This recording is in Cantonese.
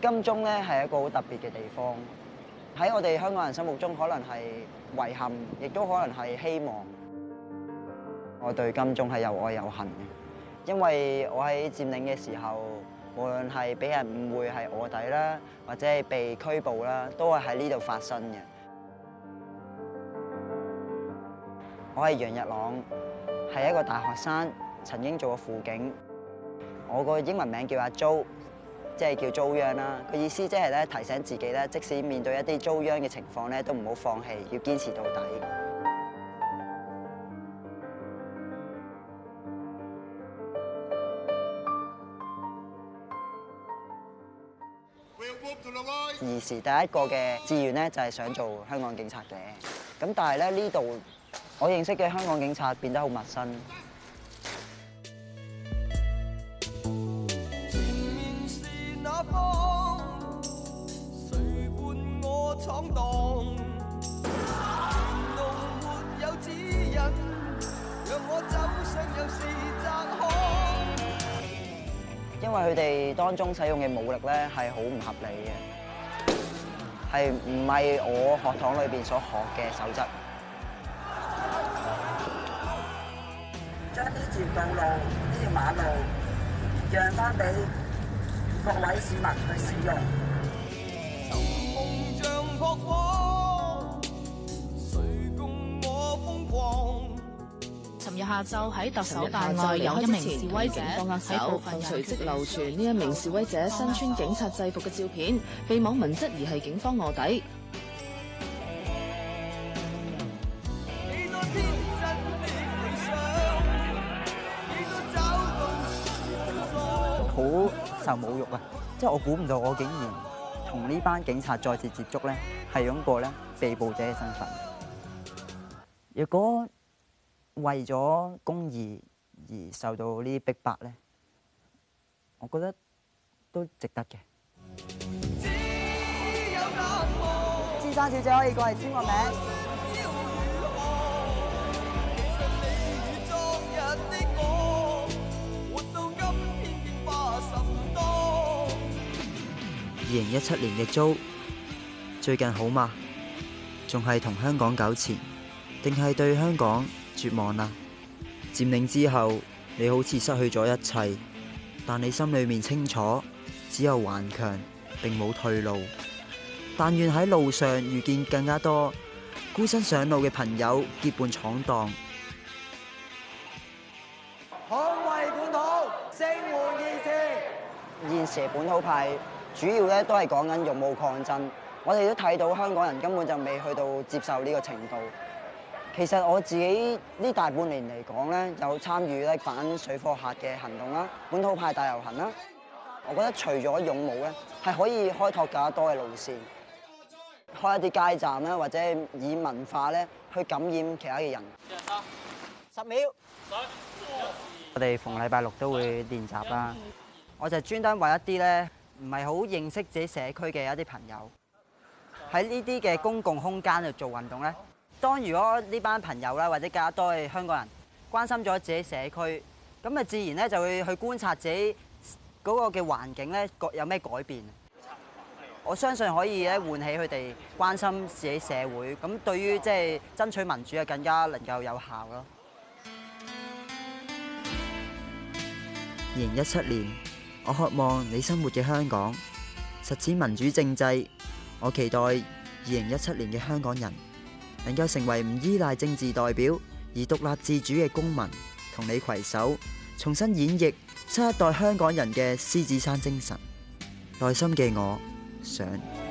金鐘咧係一個好特別嘅地方，喺我哋香港人心目中可能係遺憾，亦都可能係希望。我對金鐘係又愛又恨嘅，因為我喺佔領嘅時候，無論係俾人誤會係臥底啦，或者係被拘捕啦，都係喺呢度發生嘅。我係楊日朗，係一個大學生，曾經做過輔警。我個英文名叫阿 Jo。即係叫遭殃啦，個意思即係咧提醒自己咧，即使面對一啲遭殃嘅情況咧，都唔好放棄，要堅持到底。兒時第一個嘅志願咧，就係想做香港警察嘅，咁但係咧，呢度我認識嘅香港警察變得好陌生。因為佢哋當中使用嘅武力咧係好唔合理嘅，係唔係我學堂裏邊所學嘅守則？將呢條道路、呢條馬路讓翻俾各位市民去使用。下晝喺特首大內有一名示威者分，隨即流傳呢一名示威者身穿警察制服嘅照片，被網民質疑係警方臥底。嗯、好受侮辱啊！即係我估唔到，我竟然同呢班警察再次接觸咧，係用過咧被捕者嘅身份。如果為咗公義而受到呢啲逼迫呢，我覺得都值得嘅。朱生小姐可以過嚟簽個名。二零一七年嘅租最近好嗎？仲係同香港糾纏，定係對香港？絕望啦、啊！佔領之後，你好似失去咗一切，但你心裏面清楚，只有頑強，並冇退路。但願喺路上遇見更加多孤身上路嘅朋友結闖蕩，結伴闖蕩。捍衛本土，守護義士。現時本土派主要咧都係講緊勇武抗爭，我哋都睇到香港人根本就未去到接受呢個程度。其實我自己呢大半年嚟講咧，有參與咧反水貨客嘅行動啦，本土派大遊行啦。我覺得除咗勇武咧，係可以開拓更加多嘅路線，開一啲街站啦，或者以文化咧去感染其他嘅人。十秒。我哋逢禮拜六都會練習啦。我就專登為一啲咧唔係好認識自己社區嘅一啲朋友，喺呢啲嘅公共空間度做運動咧。當如果呢班朋友啦，或者更加多嘅香港人關心咗自己社區，咁啊，自然咧就會去觀察自己嗰個嘅環境咧，各有咩改變。我相信可以咧，喚起佢哋關心自己社會。咁對於即係爭取民主啊，更加能夠有效咯。二零一七年，我渴望你生活嘅香港實踐民主政制。我期待二零一七年嘅香港人。能夠成為唔依賴政治代表而獨立自主嘅公民，同你携手重新演繹新一代香港人嘅獅子山精神內。內心嘅我想。